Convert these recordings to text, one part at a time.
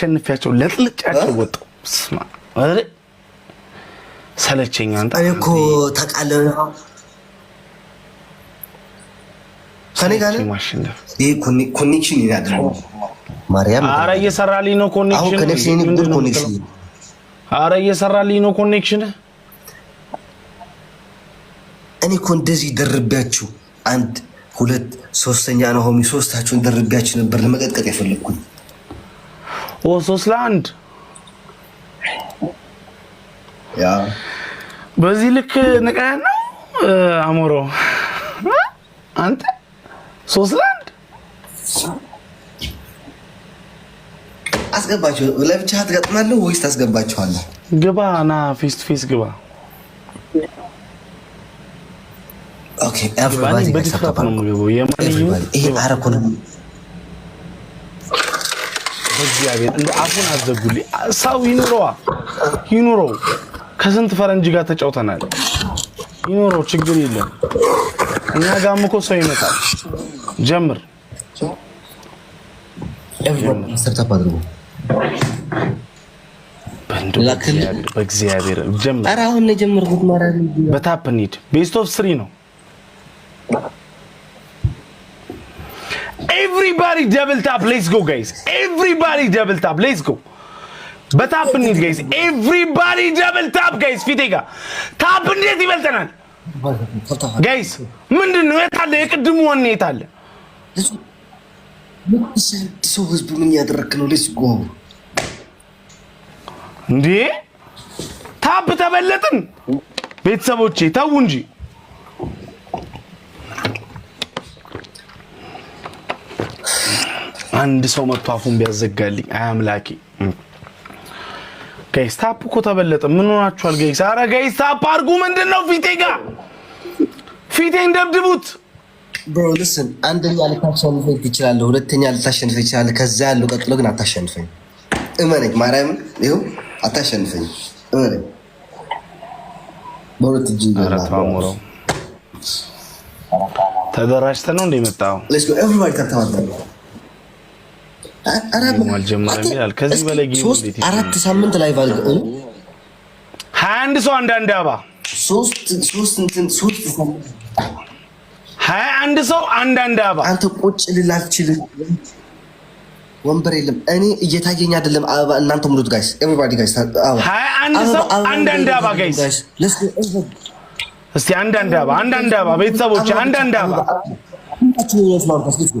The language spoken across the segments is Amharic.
አሸንፊያቸው ለጥልጫቸው ወጣሁ። ሰለቸኝ። አንተ እኔ እኮ ኮኔክሽን ኧረ እየሰራልኝ ነው ኮኔክሽን፣ ኧረ እየሰራልኝ ነው ኮኔክሽን። እኔ እኮ እንደዚህ ደርቢያችሁ አንድ ሁለት ሶስተኛ ነው ሆሚ ሶስታችሁን ደርቢያችሁ ነበር ለመቀጥቀጥ የፈለግኩኝ። ኦ ሶስት ለአንድ ያ በዚህ ልክ ንቀህ ነው አሞሮ አንተ ሶስት ለአንድ አስገባቸው። ለብቻ ትገጥማለህ ወይስ ታስገባቸዋለህ? ግባ ና ፌስ ቱ ፌስ ግባ። ኦኬ ኤቭሪባዲ ነው እግዚአብሔር እንደ አፉን አዘጉልኝ። ሰው ይኑረዋ ይኑረው። ከስንት ፈረንጅ ጋር ተጫውተናል። ይኑረው፣ ችግር የለም። እኛ ጋም እኮ ሰው ይመጣል። ጀምር በእግዚአብሔር ጀምር። በታፕ ኒድ ቤስት ኦፍ ስሪ ነው ደብል ታፕ ሌትስ ጎ ጋይስ ኤቭሪባዲ ደብል ታፕ ሌትስ ጎ በታፕ እንሂድ ጋይስ ኤቭሪባዲ ደብል ታፕ ጋይስ ፊቴ ጋ ታፕ እንዴት ይበልጠናል ጋይስ ምንድን ነው የት አለ የቅድሙ ወኔ የት አለ ሰው ህዝቡን እያደረክ ነው ሌትስ ጎ እንዴ ታፕ ተበለጥን ቤተሰቦቼ ተው እንጂ አንድ ሰው መጥቶ አፉን ቢያዘጋልኝ አያምላኬ። ጋይስታፕ እኮ ተበለጠ። ምን ሆናችኋል ጋይስ? አረ ጋይስታፕ አድርጉ። ምንድን ነው ፊቴ ጋ ፊቴን ደብድቡት። ብሮ ልስን፣ አንደኛ ልታሸንፈኝ ትችላለህ፣ ሁለተኛ ልታሸንፈኝ ትችላለህ። ከዛ ያለው ቀጥሎ ግን አታሸንፈኝ። እመነኝ፣ ማርያምን ይኸው አታሸንፈኝ። እመነኝ በሁለት እጅ ተደራጅተህ ነው እንደ መጣው እንደመጣው አራት ሳምንት ላይ ሀያ አንድ ሰው አንዳንድ አባ ሀያ አንድ ሰው አንዳንድ አባ አንተ ቁጭ ልል አልችልም። ወንበር የለም። እኔ እየታየኝ አይደለም። እናንተ ሙሉት ጋይስ ኤቨሪባዲ ጋይስ ሀያ አንድ ሰው አንዳንድ አበባ ጋይስ እስቲ አንዳንድ አበባ አንዳንድ አበባ ቤተሰቦች አንዳንድ አበባ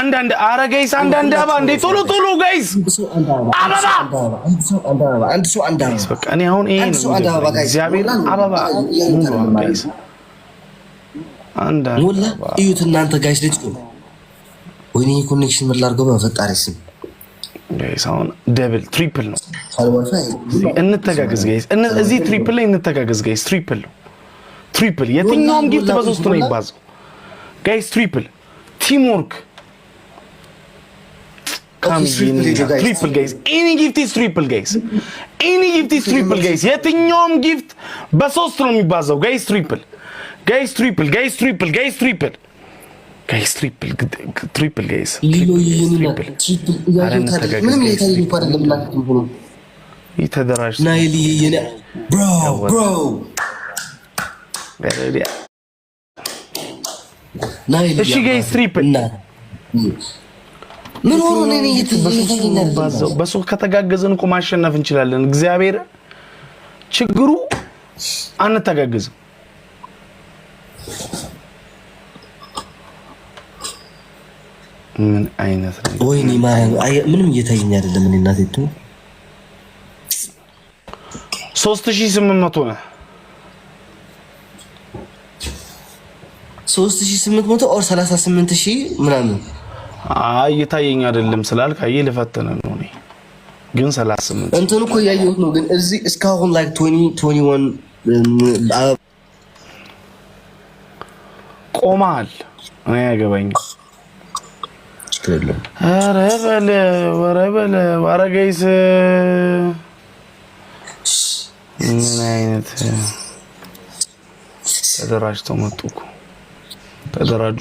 አንዳንድ አረ ጋይስ አንዳንድ አባ እንዴ ቶሎ ቶሎ ጋይስ አበባ በቃ እኔ አሁን ይሄ ነው እግዚአብሔር አበባ እዩት እናንተ ጋይስ ልጅ ወይኔ ኮኔክሽን ምን ላድርገው በፈጣሪ ስም ጋይስ አሁን ደብል ትሪፕል ነው እንተጋገዝ ጋይስ እዚህ ትሪፕል ላይ እንተጋገዝ ጋይስ ትሪፕል ነው ትሪፕል የትኛውም ጊፍት በሶስት ነው ይባዛው ጋይስ ትሪፕል ቲምወርክ የትኛውም ጊፍት በሶስት ነው የሚባዛው። ጋይስ ትሪፕል ጋይስ ትሪፕል ጋይስ ትሪፕል ጋይስ ትሪፕል ጋይስ ትሪፕል ትሪፕል ጋይስ ተደራጅ እሺ ጋይስ ትሪፕ ምን ሆኖ ነው በሶስት ከተጋገዝን እኮ ማሸነፍ እንችላለን። እግዚአብሔር ችግሩ አንተጋገዝም። ምን አይነት ነው? ወይኔ ምንም እየታየኝ አይደለም። እኔ እናቴ 3800 ነው 3800 ኦር 38000 ምናምን እየታየኝ አይደለም ስላልክ፣ አየህ ልፈተነ ነው። እኔ ግን እንትን እኮ እያየሁት ነው። ግን እዚህ እስካሁን ላይ 2021 um, uh, ቆመሃል። እኔ አያገባኝም። ኧረ ኧረ ኧረ ገይስ ምን አይነት ተደራጅተው መጡ እኮ ተደራጁ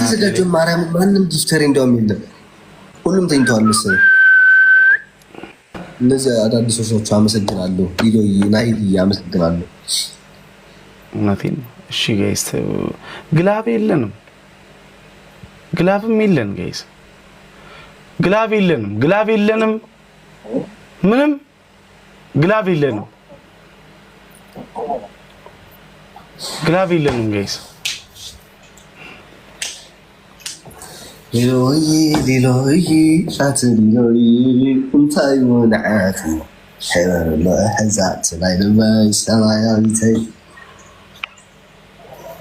ተዘጋጀ ማርያም ማንም ጊፍተሪ እንዲያውም የለም፣ ሁሉም ተኝተዋል መሰለኝ። እነዚህ አዳዲስ ናቸው። አመሰግናለሁ። ኢሎይ ናይልዬ አመሰግናለሁ። እውነቴን እሺ ጋይስ ግላብ የለንም፣ ግላብም የለን ጋይስ፣ ግላብ የለንም፣ ግላብ የለንም፣ ምንም ግላብ የለንም፣ ግላብ የለንም ጋይስ ሊሎይ ሊሎይ ሻትን ሎይ እንታይ እውን ዓያት ሕበርሎ ሕዛት ናይ ልባይ ሰማያዊተይ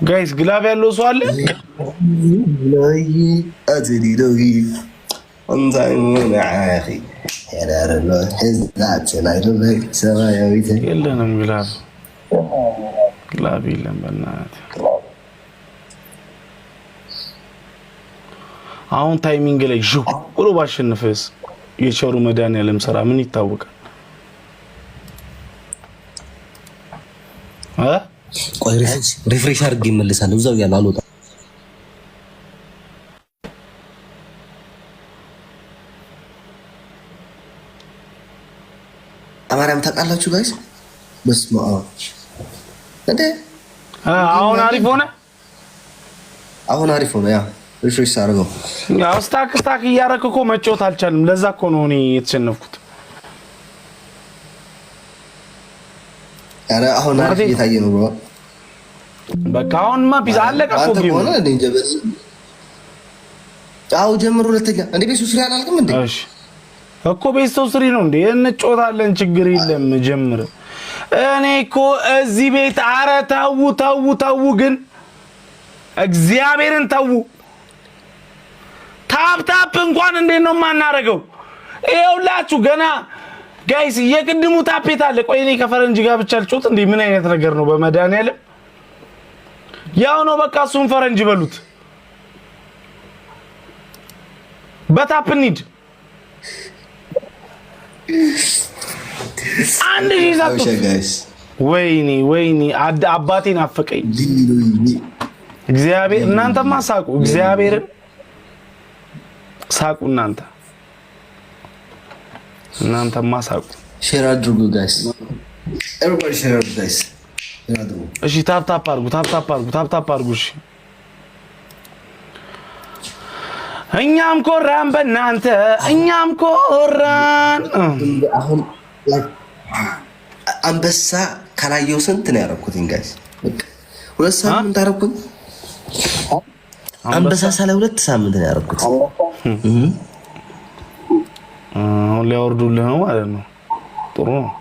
ጋይስ ግላብ ያለው ሰው አለ ሎይ ኣቲ ሊሎይ እንታይ እውን ዓያኺ ሕበርሎ ናይ ልባይ ሰማያዊተይ የለንም ግላብ ግላብ የለን በናትህ አሁን ታይሚንግ ላይ ዥ ብሎ ባሸንፈስ የቸሩ መድኃኒዓለም ስራ ምን ይታወቃል? ቆይ ሪፍሬሽ አድርጌ እመልሳለሁ። እዛው ያለው አልወጣም። አማርያም ታውቃላችሁ ጋይስ? በስመ አብ አሁን አሪፍ ሆነ። አሁን አሪፍ ሆነ ያ እሾች ሳርገው ስታክ ስታክ እያረክ እኮ መጫወት አልቻልም። ለዛ እኮ ነው እኔ የተሸነፍኩት። ኧረ አሁን አሪፍ እየታየ ነው። በቃ አሁንማ ፒዛ አለቀ እኮ ጊዜ ነው። አዎ ጀምሮ ሁለተኛ እንደ ቤት ስሪ አላልቅም እንዴ? እሺ እኮ ቤተሰብ ስሪ ነው እንዴ? እንጫወታለን፣ ችግር የለም ጀምር። እኔ እኮ እዚህ ቤት አረ ተው ተው ተው፣ ግን እግዚአብሔርን ተው ታፕታፕ እንኳን እንዴት ነው የማናደርገው? ይኸውላችሁ ገና ጋይስ የቅድሙ ታፔት አለ። ቆይ እኔ ከፈረንጅ ጋር ብቻ ልጮት እንዴ? ምን አይነት ነገር ነው? በመድኃኒዓለም ያው ነው በቃ እሱን ፈረንጅ በሉት። በታፕ እንሂድ። አንድ ሺህ ሰጡት። ወይኒ አባቴን አፈቀኝ እግዚአብሔር። እናንተማ ሳቁ እግዚአብሔርን ሳቁ እናንተ እናንተማ ሳቁ። ሼር አድርጉ ጋይስ፣ ኤቨሪባዲ ሼር አድርጉ ጋይስ። እሺ ታፕ ታፕ አድርጉ፣ ታፕ ታፕ አድርጉ፣ ታፕ ታፕ አድርጉ። እሺ እኛም ኮራን በእናንተ እኛም ኮራን። አሁን አንበሳ ካላየው ስንት ነው ያደረኩትኝ ጋይስ? ሁለት ሳምንት አደረኩኝ አንበሳ ሳላይ፣ ሁለት ሳምንት ነው ያደረኩት። አሁን ሊያወርዱልህ ነው ማለት ነው። ጥሩ ነው።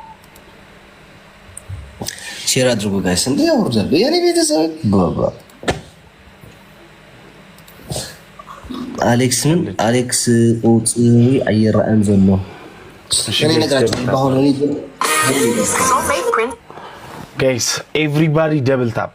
ሼር አድርጉ ጋይስ። እንደ ያወርዳሉ የኔ ቤተሰብ አሌክስ ምን አሌክስ ቁጥሪ አይራእን ዘሎ እኔ ጋይስ ኤቭሪባዲ ደብል ታፕ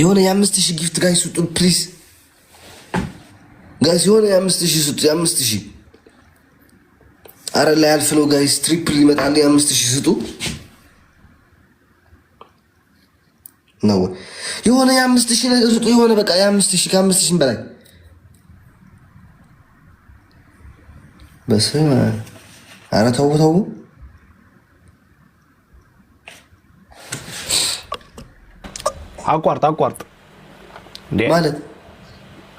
የሆነ የአምስት ሺህ ጊፍት ጋይ ስጡ ፕሊዝ ጋይስ፣ የሆነ የአምስት ሺህ ስጡ። የአምስት ሺህ አረ ላይ አልፍ ነው ጋይስ፣ ትሪፕል ይመጣል። የአምስት ሺህ ስጡ ነው የሆነ የአምስት ሺህ ነገር ስጡ። የሆነ በቃ የአምስት ሺህ ከአምስት ሺህ በላይ በስመ አብ። አረ ተው ተው አቋርጥ አቋርጥ ማለት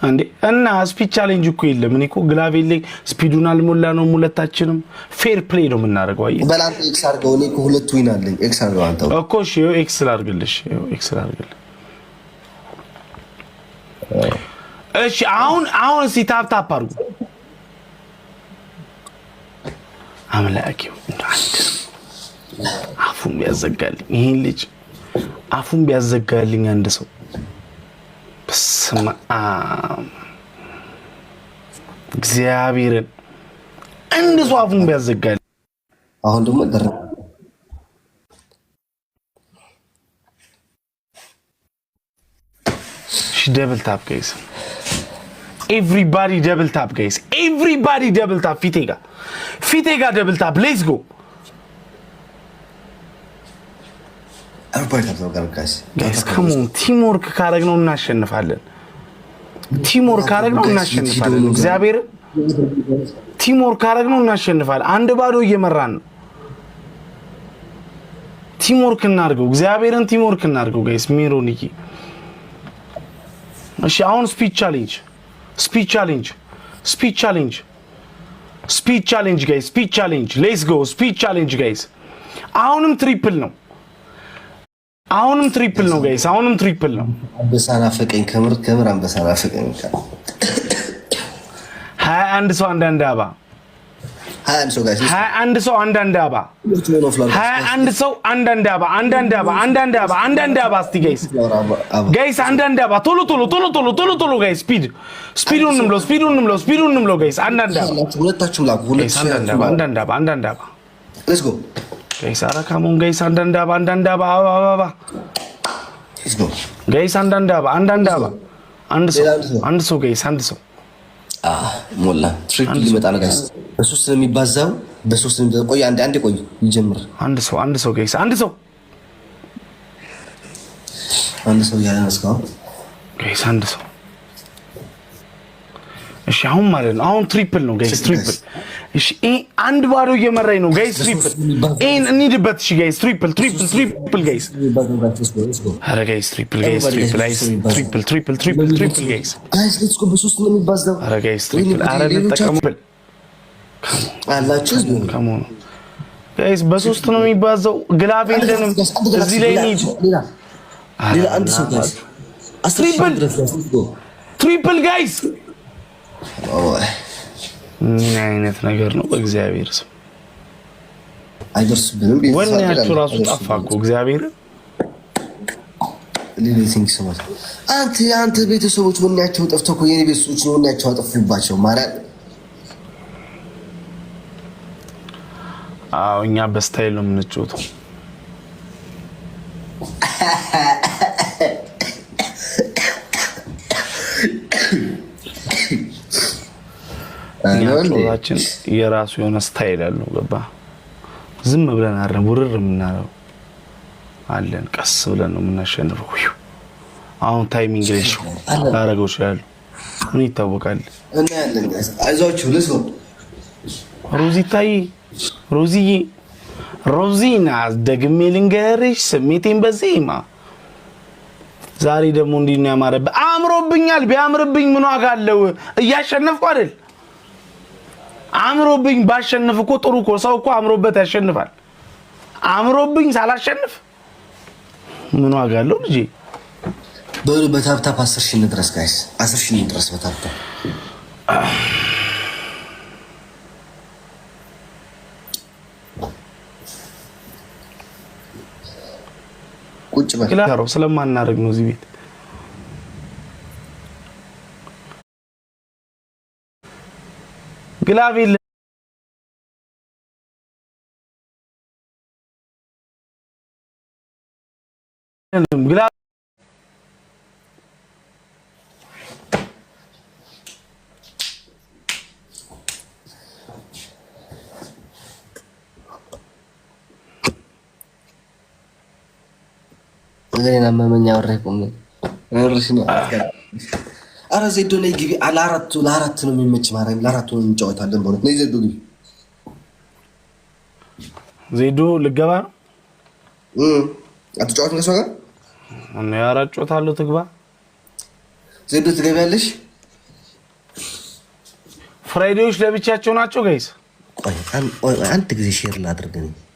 እንዴ እና ስፒድ ቻሌንጅ እኮ የለም። እኔ እኮ ግላቬሌ ስፒዱን አልሞላ ነው። ሁለታችንም ፌር ፕሌይ ነው የምናደርገው። አየህ በላንተ ኤክስ አድርገው። እኔ እኮ ሁለት ዊን አለኝ። ኤክስ አድርገው አንተው እኮ እሺ፣ ይኸው ኤክስ ላድርግልሽ፣ ይኸው ኤክስ ላድርግልሽ። እሺ አሁን አሁን እስኪ ታፕ ታፕ አድርጉ። አምላኬው አንድ አፉም ያዘጋልኝ ይሄን ልጅ አፉን ቢያዘጋልኝ አንድ ሰው ስማ፣ እግዚአብሔርን አንድ ሰው አፉን ቢያዘጋል። አሁን ደግሞ ደረ ደብል ታፕ ጋይስ፣ ኤቭሪባዲ ደብል ታፕ ጋይስ፣ ኤቭሪባዲ ደብል ታፕ ፊቴ ጋ ፊቴ ጋ ደብል ታፕ ሌትስ ጎ እስከሞን ቲምወርክ ካረግ ነው እናሸንፋለን። ቲምወርክ ካረግ ነው እናሸንፋለን። እግዚአብሔር ቲምወርክ ካረግ ነው እናሸንፋለን። አንድ ባዶ እየመራን ነው። ቲምወርክ እናርገው፣ እግዚአብሔርን ቲምወርክ እናርገው። ጋይስ ሜሮን ይ እሺ፣ አሁን ስፒድ ቻሌንጅ፣ ስፒድ ቻሌንጅ፣ ስፒድ ቻሌንጅ፣ ስፒድ ቻሌንጅ፣ ጋይስ ስፒድ ቻሌንጅ፣ ሌትስ ጎ ስፒድ ቻሌንጅ ጋይስ። አሁንም ትሪፕል ነው አሁንም ትሪፕል ነው ጋይስ፣ አሁንም ትሪፕል ነው። አንበሳ ናፈቀኝ፣ ከምር ከምር አንበሳ ናፈቀኝ። ሀያ አንድ ሰው አንዳንድ አባ፣ ሀያ አንድ ሰው አንዳንድ አባ፣ ሀያ አንድ ሰው አንዳንድ አባ፣ አንዳንድ አባ፣ አንዳንድ አባ፣ አንዳንድ አባ። እስቲ ጋይስ ጋይስ፣ አንዳንድ አባ፣ ቶሎ ቶሎ ቶሎ ቶሎ ቶሎ ቶሎ ጋይስ፣ ስፒድ ስፒዱን እንምሎ፣ ስፒዱን እንምሎ፣ ስፒዱን እንምሎ ጋይስ፣ አንዳንድ አንድ አባ፣ ሁለታችሁም ላኩ፣ ሁለታችሁም አንድ አባ፣ አንዳንድ አባ፣ አንድ አባ፣ ሌትስ ጎ ጋይስ ኧረ ካሞን ጋይስ አንዳንድ አበባ አንዳንድ አበባ አበባ አበባ ጋይስ አንዳንድ አበባ አንዳንድ አበባ አንድ ሰው አንድ ሰው ጋይስ አንድ ሰው ሞላ ትሪፕል ሊመጣ ነው ጋይስ በሶስት ነው የሚባዛው በሶስት ነው ቆይ አንድ አንድ ቆይ ይጀምር አንድ ሰው አንድ ሰው ጋይስ አንድ ሰው አንድ ሰው እያለ ነው ጋይስ አንድ ሰው እሺ አሁን ማለት ነው አሁን ትሪፕል ነው ጋይስ ትሪፕል እሺ አንድ ባዶ እየመራኝ ነው ጋይስ። ትሪፕል ኤን እንሂድበት። እሺ ጋይስ ትሪፕል ትሪፕል ትሪፕል ጋይስ። ኧረ ጋይስ ትሪፕል ጋይስ ትሪፕል ጋይስ ትሪፕል ትሪፕል ትሪፕል ትሪፕል ጋይስ ጋይስ ሌትስ ጎ በሶስት ነው የሚባዛው። ኧረ ጋይስ ትሪፕል ኧረ እንጠቀሙበት አላችሁ ከሞ ነው ጋይስ በሶስት ነው የሚባዛው። ግላብ የለንም እዚህ ላይ እንሂድ። ሌላ አንድ ሰው ጋይስ ትሪፕል ትሪፕል ጋይስ ምን አይነት ነገር ነው? በእግዚአብሔር ስም ወኔያችሁ ራሱ ጠፋ እኮ እግዚአብሔር አንተ የአንተ ቤተሰቦች ወኔያቸው ጠፍቶ እኮ የኔ ቤተሰቦች ነው ወኔያቸው አጠፉባቸው ማለት እኛ በስታይል ነው የምንጫወተው። ጾታችን የራሱ የሆነ ስታይል አለው። ገባ ዝም ብለን አረ ውርር የምናለው አለን። ቀስ ብለን ነው የምናሸንፈው። አሁን ታይሚንግ ላይ ላረገው ይችላሉ። ምን ይታወቃል። ሮዚታይ ሮዚዬ ሮዚና ደግሜ ልንገርሽ ስሜቴን በዜማ ዛሬ ደግሞ እንዲህ ነው ያማረብህ። አምሮብኛል። ቢያምርብኝ ምን ዋጋ አለው? እያሸነፍኩ አይደል አምሮብኝ ባሸንፍ እኮ ጥሩ እኮ ሰው እኮ አምሮበት ያሸንፋል። አምሮብኝ ሳላሸንፍ ምን ዋጋ አለው ልጄ? በሉ በታፕታፕ አስር ሺህ እንድረስ ጋይስ፣ አስር ሺህ እንድረስ በታፕታፕ ቁጭ በል ስለማናደርግ ነው እዚህ ቤት കിലാവിയിൽ ഇതിന് നമ്മ ഞാൻ അവരുടെ പൊങ്ങി വേറൊരു സിനിമ አረ ዜዶ ነይ ግቢ። ለአራቱ ለአራት ነው የሚመች ማርያም፣ ለአራቱ ነው እንጫወታለን። በእውነት ነይ ዜዶ ግቢ። ዜዶ ልገባ ነው። አትጫወት ከእሷ ጋር እና አራት ጮታለሁ። ትግባ ዜዶ ትገቢያለሽ። ፍራይዴዎች ለብቻቸው ናቸው ጋይስ። አንድ ጊዜ ሼር ላድርግ